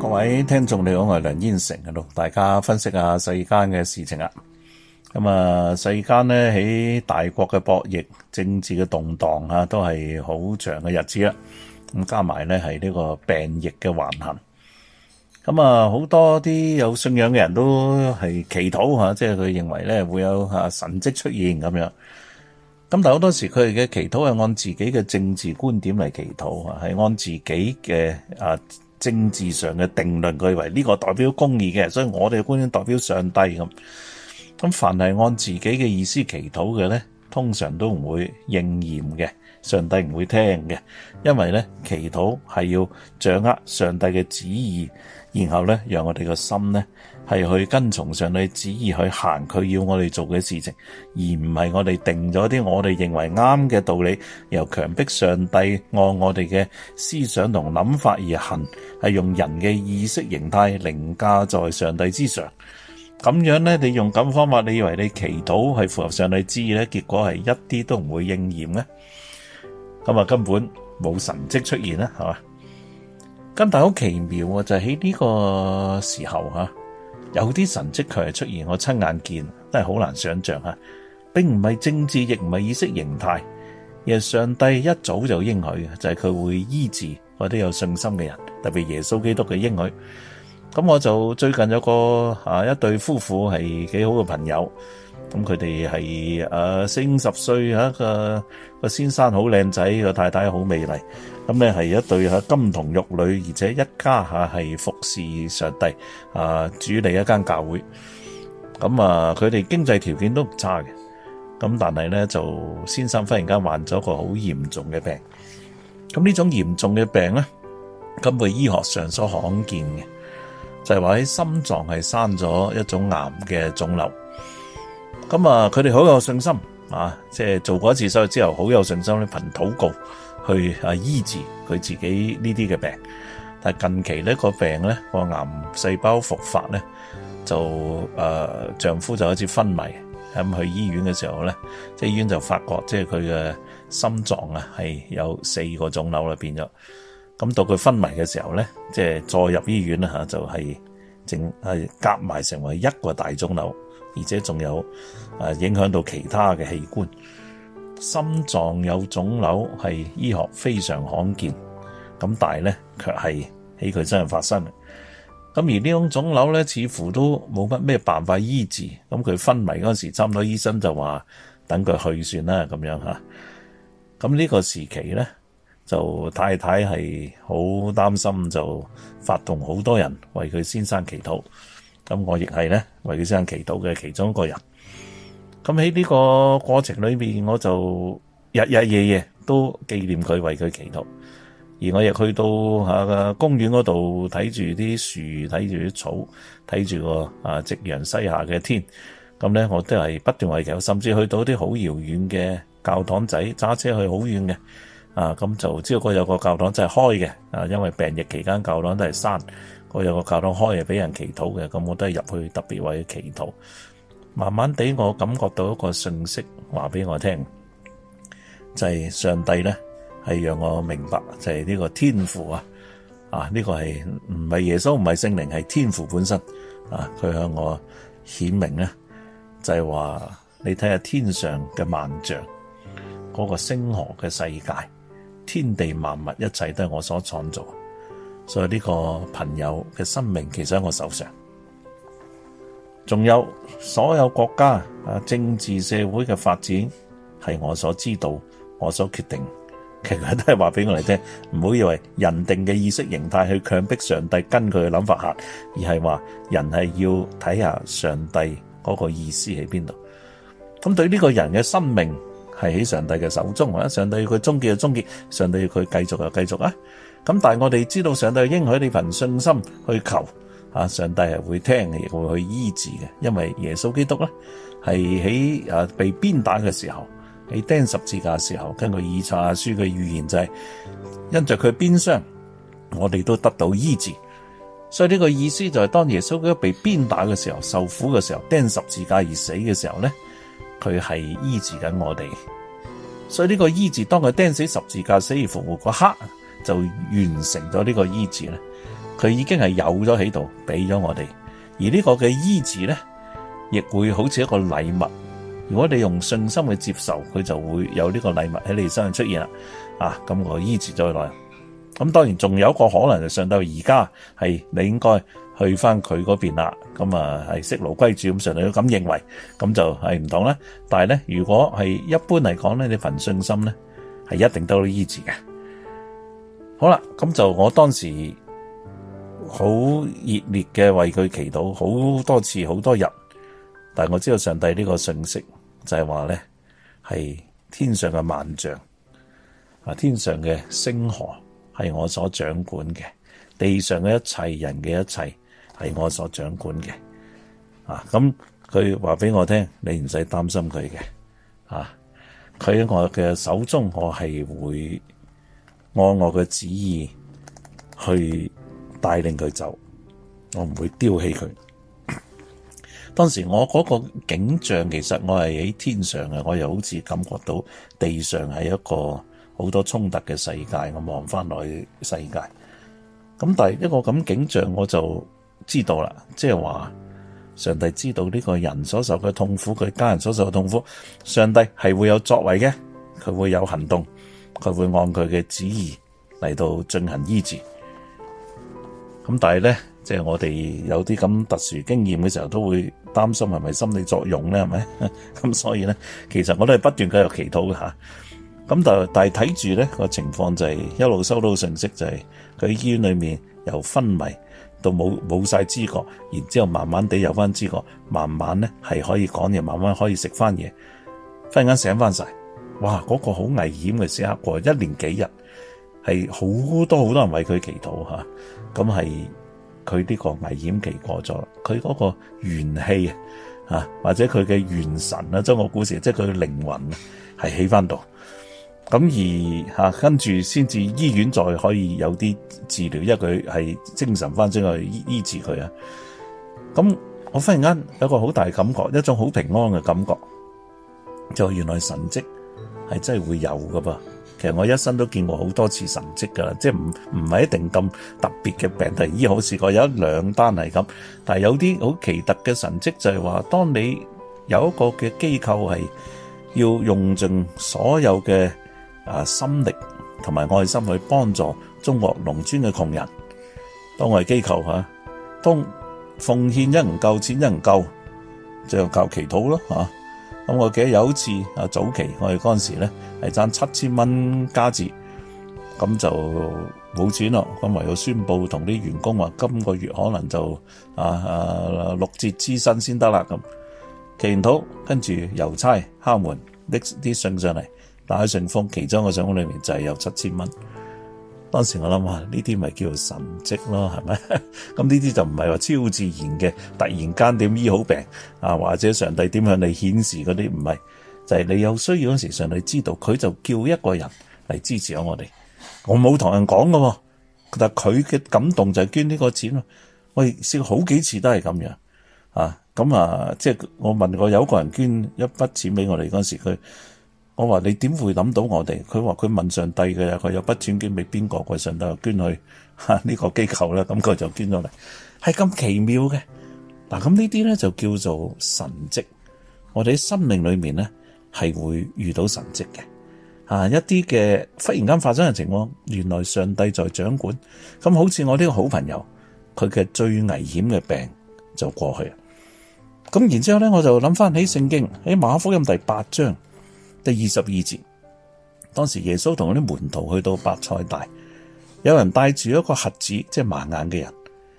各位聽眾你好，我係梁燕城喺度，大家分析下世間嘅事情啊。咁啊，世間呢，喺大國嘅博弈，政治嘅動蕩啊，都係好長嘅日子啦。咁加埋呢，係呢個病疫嘅橫行。咁啊，好多啲有信仰嘅人都係祈禱吓，即係佢認為呢會有吓神蹟出現咁樣。咁但係好多時佢哋嘅祈禱係按自己嘅政治觀點嚟祈禱啊，係按自己嘅啊。政治上嘅定論，佢以為呢個代表公義嘅，所以我哋嘅觀點代表上帝咁。咁凡係按自己嘅意思祈禱嘅咧，通常都唔會應驗嘅。上帝唔會聽嘅，因為咧，祈禱係要掌握上帝嘅旨意，然後咧，讓我哋個心咧，係去跟從上帝旨意去行佢要我哋做嘅事情，而唔係我哋定咗啲我哋認為啱嘅道理，由強迫上帝按我哋嘅思想同諗法而行，係用人嘅意識形態凌駕在上帝之上。咁樣咧，你用咁方法，你以為你祈禱係符合上帝旨意咧？結果係一啲都唔會應驗咧。咁啊，根本冇神蹟出現啦，係嘛？咁但係好奇妙啊，就係喺呢個時候吓，有啲神蹟佢係出現，我親眼見，真係好難想象啊，並唔係政治，亦唔係意識形態，而係上帝一早就應許嘅，就係佢會醫治嗰啲有信心嘅人，特別耶穌基督嘅應許。咁我就最近有個啊，一對夫婦係幾好嘅朋友，咁佢哋係誒四五十歲吓，個個先生好靚仔，個太太好美麗，咁咧係一對吓金童玉女，而且一家吓係服侍上帝啊，主理一間教會。咁啊，佢哋經濟條件都唔差嘅，咁但係咧就先生忽然間患咗個好嚴重嘅病，咁呢種嚴重嘅病咧，根本係醫學上所罕見嘅。就係話喺心臟係生咗一種癌嘅腫瘤，咁啊佢哋好有信心啊，即係做過一次手術之後好有信心咧，憑禱告去啊醫治佢自己呢啲嘅病。但係近期呢、呢個病咧個癌細胞復發咧，就誒、呃、丈夫就開始昏迷，咁、啊、去醫院嘅時候咧，即係醫院就發覺即係佢嘅心臟啊係有四個腫瘤啦變咗。咁到佢昏迷嘅時候咧，即係再入醫院啦嚇，就係正係夾埋成為一個大腫瘤，而且仲有誒影響到其他嘅器官。心臟有腫瘤係醫學非常罕見，咁但係咧卻係喺佢身上發生。咁而呢種腫瘤咧，似乎都冇乜咩辦法醫治。咁佢昏迷嗰時，差唔多醫生就話等佢去算啦咁樣嚇。咁、這、呢個時期咧？就太太係好擔心，就發動好多人為佢先生祈禱。咁我亦係咧為佢先生祈禱嘅其中一個人。咁喺呢個過程裏面，我就日日夜夜都紀念佢，為佢祈禱。而我亦去到啊公園嗰度睇住啲樹，睇住啲草，睇住個啊夕陽西下嘅天。咁咧，我都係不斷為佢，甚至去到啲好遙遠嘅教堂仔，揸車去好遠嘅。啊，咁就知道佢有個教堂就係開嘅，啊，因為病疫期間教堂都係閂，佢有個教堂開係俾人祈禱嘅，咁我都係入去特別為祈禱。慢慢地，我感覺到一個信息話俾我聽，就係上帝咧係讓我明白，就係呢個天父啊，啊，呢個係唔係耶穌唔係聖靈係天父本身，啊，佢向我顯明咧，就係話你睇下天上嘅萬象，嗰個星河嘅世界。天地萬物一切都係我所創造，所以呢個朋友嘅生命其實喺我手上。仲有所有國家啊、政治社會嘅發展係我所知道、我所決定，其實都係話俾我哋聽。唔好以為人定嘅意識形態去強迫上帝跟佢嘅諗法行，而係話人係要睇下上帝嗰個意思喺邊度。咁對呢個人嘅生命，係喺上帝嘅手中，上帝要佢終結就終結，上帝要佢繼續就繼續啊！咁但係我哋知道，上帝應許你份信心去求，啊，上帝係會聽，亦會去醫治嘅。因為耶穌基督咧，係喺誒被鞭打嘅時候，喺釘十字架嘅時候，根據以賽亞書嘅預言就係、是、因着佢鞭傷我哋都得到醫治。所以呢個意思就係、是、當耶穌基督被鞭打嘅時候、受苦嘅時候、釘十字架而死嘅時候咧。佢係醫治緊我哋，所以呢個醫治當佢釘死十字架，死而復活嗰刻，就完成咗呢個醫治咧。佢已經係有咗喺度，俾咗我哋。而呢個嘅醫治咧，亦會好似一個禮物。如果你用信心去接受，佢就會有呢個禮物喺你身上出現啦。啊，咁，這個醫治在內。咁、嗯、當然仲有一個可能就上到而家係你應該。去翻佢嗰邊啦，咁啊，係釋奴歸主咁，上嚟。要咁認為，咁就係唔同啦。但係咧，如果係一般嚟講咧，你憑信心咧，係一定得到醫治嘅。好啦，咁就我當時好熱烈嘅為佢祈禱好多次好多日，但係我知道上帝呢個信息就係話咧，係天上嘅萬象啊，天上嘅星河係我所掌管嘅，地上嘅一切人嘅一切。係我所掌管嘅。啊！咁佢話俾我聽，你唔使擔心佢嘅，啊！佢喺我嘅手中，我係會按我嘅旨意去帶領佢走，我唔會丟棄佢。當時我嗰個景象，其實我係喺天上嘅，我又好似感覺到地上係一個好多衝突嘅世界，我望翻落去世界。咁但係一個咁景象，我就。知道啦，即係話上帝知道呢個人所受嘅痛苦，佢家人所受嘅痛苦，上帝係會有作為嘅，佢會有行動，佢會按佢嘅旨意嚟到進行醫治。咁但係咧，即係我哋有啲咁特殊經驗嘅時候，都會擔心係咪心理作用咧，係咪？咁 所以咧，其實我都係不斷繼續祈禱嘅吓。咁，啊，但係但係睇住咧個情況就係一路收到信息，就係佢醫院裏面又昏迷，到冇冇曬知覺，然之後慢慢地有翻知覺，慢慢咧係可以講嘢，慢慢可以食翻嘢，忽然間醒翻晒。哇！嗰個好危險嘅時刻過，一連幾日係好多好多人為佢祈禱嚇，咁係佢呢個危險期過咗，佢嗰個元氣啊，或者佢嘅元神啊，即係我講故事，即係佢嘅靈魂啊，係起翻到。咁而吓跟住先至醫院再可以有啲治療，因為佢係精神翻正去醫醫治佢啊。咁我忽然間有一個好大感覺，一種好平安嘅感覺，就原來神跡係真係會有噶噃。其實我一生都見過好多次神跡噶喇，即係唔唔係一定咁特別嘅病，但醫好試過有一兩單係咁。但係有啲好奇特嘅神跡就係話，當你有一個嘅機構係要用盡所有嘅。啊，心力同埋愛心去幫助中國農村嘅窮人，當我哋機構吓，當、啊、奉獻一唔夠錢一唔夠，就要靠祈禱咯吓。咁、啊、我記得有一次啊，早期我哋嗰陣時咧係賺七千蚊加字，咁就冇錢咯，咁、啊、唯有宣布同啲員工話今個月可能就啊啊六折資薪先得啦咁，祈禱跟住郵差敲門搦啲信上嚟。打喺信封，其中嘅信封裏面就係有七千蚊。當時我諗下，呢啲咪叫做神蹟咯，係咪？咁呢啲就唔係話超自然嘅，突然間點醫好病啊？或者上帝點向你顯示嗰啲唔係？就係、是、你有需要嗰時候，上帝知道佢就叫一個人嚟支持我我哋。我冇同人講噶，但佢嘅感動就係捐呢個錢咯。喂，試過好幾次都係咁樣啊。咁啊，即係我問過有個人捐一筆錢俾我哋嗰時候，佢。我話，你點會諗到我哋？佢話佢問上帝嘅，佢有筆錢捐俾邊個？佢上帝又捐去呢個機構啦，咁佢就捐咗嚟，係咁奇妙嘅。嗱，咁呢啲咧就叫做神蹟。我哋喺生命裏面咧係會遇到神蹟嘅啊，一啲嘅忽然間發生嘅情況，原來上帝在掌管。咁好似我呢個好朋友，佢嘅最危險嘅病就過去。咁然之後咧，我就諗翻起聖經喺馬可福音第八章。第二十二節，當時耶穌同嗰啲門徒去到伯賽大，有人帶住一個瞎子，即係盲眼嘅人，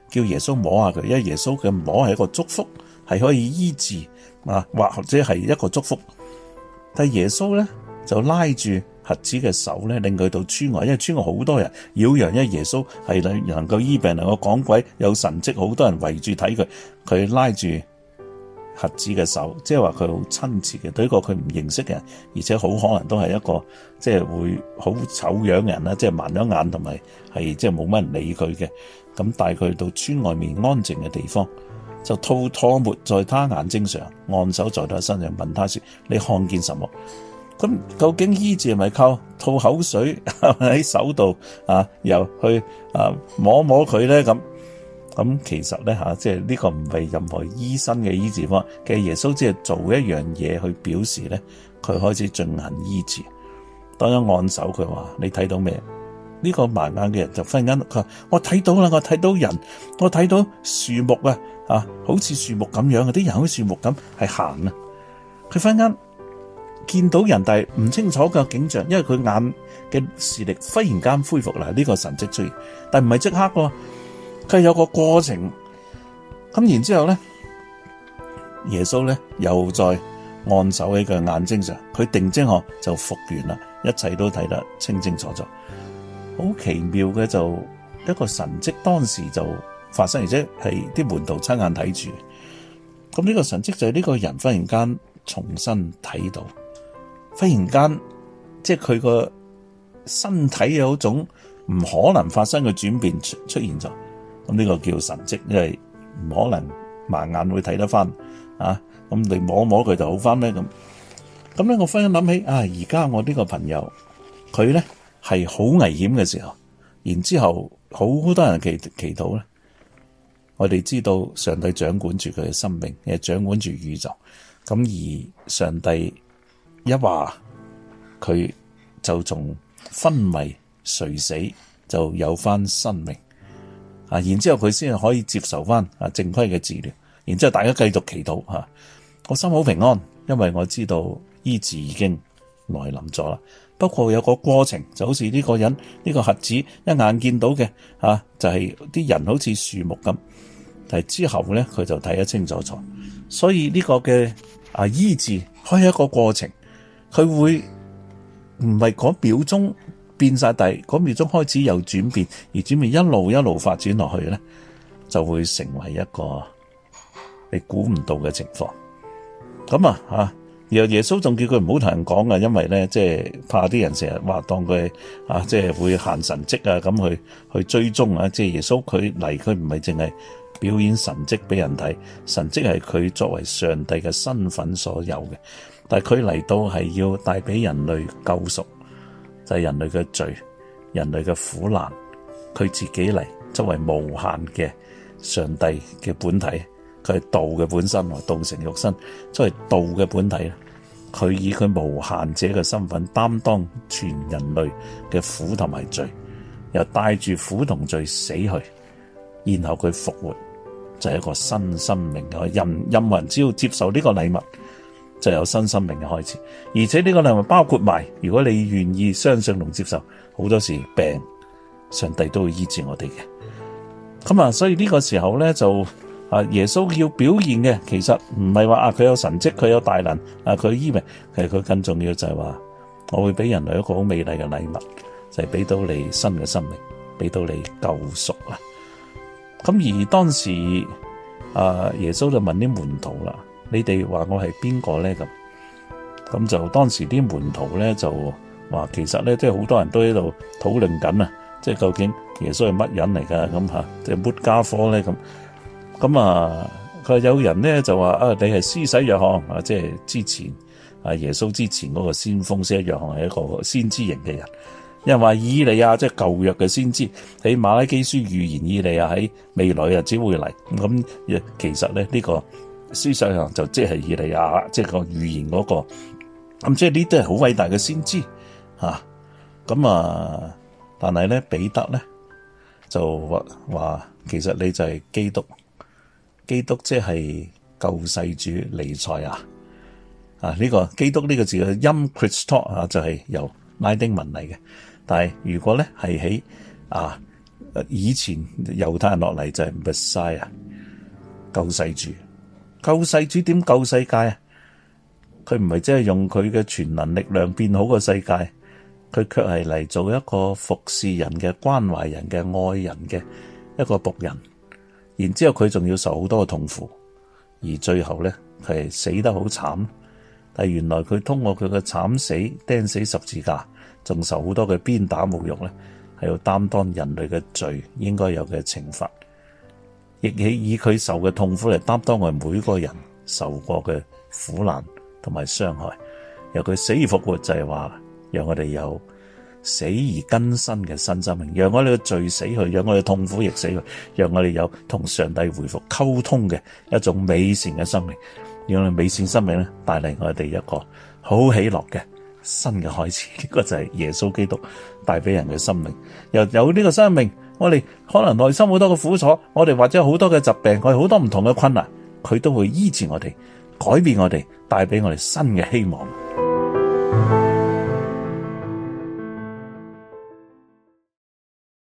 叫耶穌摸下佢，因為耶穌嘅摸係一個祝福，係可以醫治啊，或者係一個祝福。但耶穌咧就拉住瞎子嘅手咧，令佢到村外，因為村外好多人擾攘，因為耶穌係能能夠醫病，能夠講鬼，有神蹟，好多人圍住睇佢，佢拉住。核子嘅手，即係話佢好親切嘅，對一個佢唔認識嘅人，而且好可能都係一個即係會好醜樣嘅人啦，即係盲咗眼，同埋係即係冇乜人理佢嘅，咁帶佢到村外面安靜嘅地方，就吐唾沫在他眼睛上，按手在他身上，問他說：「說你看見什麼？咁究竟醫治係咪靠吐口水喺手度啊？又去啊摸摸佢咧咁？咁其實咧吓，即係呢個唔係任何醫生嘅醫治法，其實耶穌只係做一樣嘢去表示咧，佢開始進行醫治。當一按手，佢話：你睇到咩？呢、這個盲眼嘅人就忽然間，佢話：我睇到啦，我睇到人，我睇到樹木啊，啊，好似樹木咁樣嗰啲人好似樹木咁係行啊。佢忽然間見到人，但係唔清楚個景象，因為佢眼嘅視力忽然間恢復啦。呢、這個神蹟出現，但係唔係即刻。佢有個過程咁，然之後咧，耶穌咧又再按手喺佢眼睛上，佢定睛吓就復原啦，一切都睇得清清楚楚。好奇妙嘅就一個神跡，當時就發生，而且係啲門徒親眼睇住。咁呢個神跡就係呢個人忽然間重新睇到，忽然間即係佢個身體有種唔可能發生嘅轉變出，出現咗。咁呢個叫神跡，因為唔可能盲眼會睇得翻啊！咁你摸摸佢就好翻咩？咁咁咧，我忽然諗起啊，而家我呢個朋友佢咧係好危險嘅時候，然之後好多人祈祈禱咧，我哋知道上帝掌管住佢嘅生命，亦掌管住宇宙。咁而上帝一話，佢就從昏迷垂死就有翻生命。啊！然之後佢先可以接受翻啊正規嘅治療，然之後大家繼續祈禱嚇、啊，我心好平安，因為我知道醫治已經來臨咗啦。不過有個過程，就好似呢個人呢、這個瞎子一眼見到嘅嚇、啊，就係、是、啲人好似樹木咁，但之後呢，佢就睇得清楚咗，所以呢個嘅啊醫治係一個過程，佢會唔係講表中。變晒底，嗰秒鐘開始有轉變，而轉變一路一路發展落去咧，就會成為一個你估唔到嘅情況。咁啊，啊，然後耶穌仲叫佢唔好同人講啊，因為咧，即係怕啲人成日話當佢啊，即係會行神蹟啊，咁去去追蹤啊。即係耶穌佢嚟，佢唔係淨係表演神蹟俾人睇，神蹟係佢作為上帝嘅身份所有嘅，但係佢嚟到係要帶俾人類救贖。就係人類嘅罪、人類嘅苦難，佢自己嚟作為無限嘅上帝嘅本體，佢係道嘅本身，道成肉身，作為道嘅本體，佢以佢無限者嘅身份擔當全人類嘅苦同埋罪，又帶住苦同罪死去，然後佢復活，就係一個新生命。咁任任何人只要接受呢個禮物，就有新生命嘅開始，而且呢個禮物包括埋，如果你願意相信同接受，好多時病上帝都會醫治我哋嘅。咁啊，所以呢個時候咧就啊耶穌要表現嘅，其實唔係話啊佢有神蹟，佢有大能啊佢醫病。其實佢更重要就係話我會俾人類一個好美麗嘅禮物，就係俾到你新嘅生命，俾到你救贖啦。咁而當時啊耶穌就問啲門徒啦。你哋話我係邊個咧咁？咁就當時啲門徒咧就話，其實咧即係好多人都喺度討論緊啊，即係究竟耶穌係乜人嚟噶咁吓？即係抹加科咧咁。咁啊，佢、嗯啊、有人咧就話啊，你係施洗約翰啊，即係之前啊耶穌之前嗰個先鋒施洗約翰係一個先知型嘅人。因為話伊利亞即係舊約嘅先知，喺馬拉基書預言伊利亞喺未來啊只會嚟。咁、嗯啊、其實咧呢、這個。思想上就即係以利亞，即係個語言嗰、那個，咁即係呢啲係好偉大嘅先知，吓、啊，咁啊，但係咧彼得咧就話話，其實你就係基督，基督即係救世主彌賽亞啊，啊、這、呢個基督呢個字嘅音 Christop 啊，就係、是、由拉丁文嚟嘅，但係如果咧係喺啊以前猶太人落嚟就係、是、Messiah，救世主。救世主點救世界啊？佢唔係即係用佢嘅全能力量變好個世界，佢卻係嚟做一個服侍人嘅、關懷人嘅、愛人嘅一個僕人。然之後佢仲要受好多嘅痛苦，而最後咧佢係死得好慘。但係原來佢通過佢嘅慘死、釘死十字架，仲受好多嘅鞭打侮辱咧，係要擔當人類嘅罪應該有嘅懲罰。亦起以佢受嘅痛苦嚟擔當我哋每個人受過嘅苦難同埋傷害，由佢死而復活就係話，讓我哋有死而更新嘅新生命，讓我哋嘅罪死去，讓我哋痛苦亦死去，讓我哋有同上帝回復溝通嘅一種美善嘅生命，讓我哋美善生命咧帶嚟我哋一個好喜樂嘅新嘅開始。呢個就係耶穌基督帶俾人嘅生命，又有呢個生命，我哋可能內心好多嘅苦楚，我哋或者好多嘅疾病，我哋好多唔同嘅困難，佢都會醫治我哋，改變我哋，帶俾我哋新嘅希望。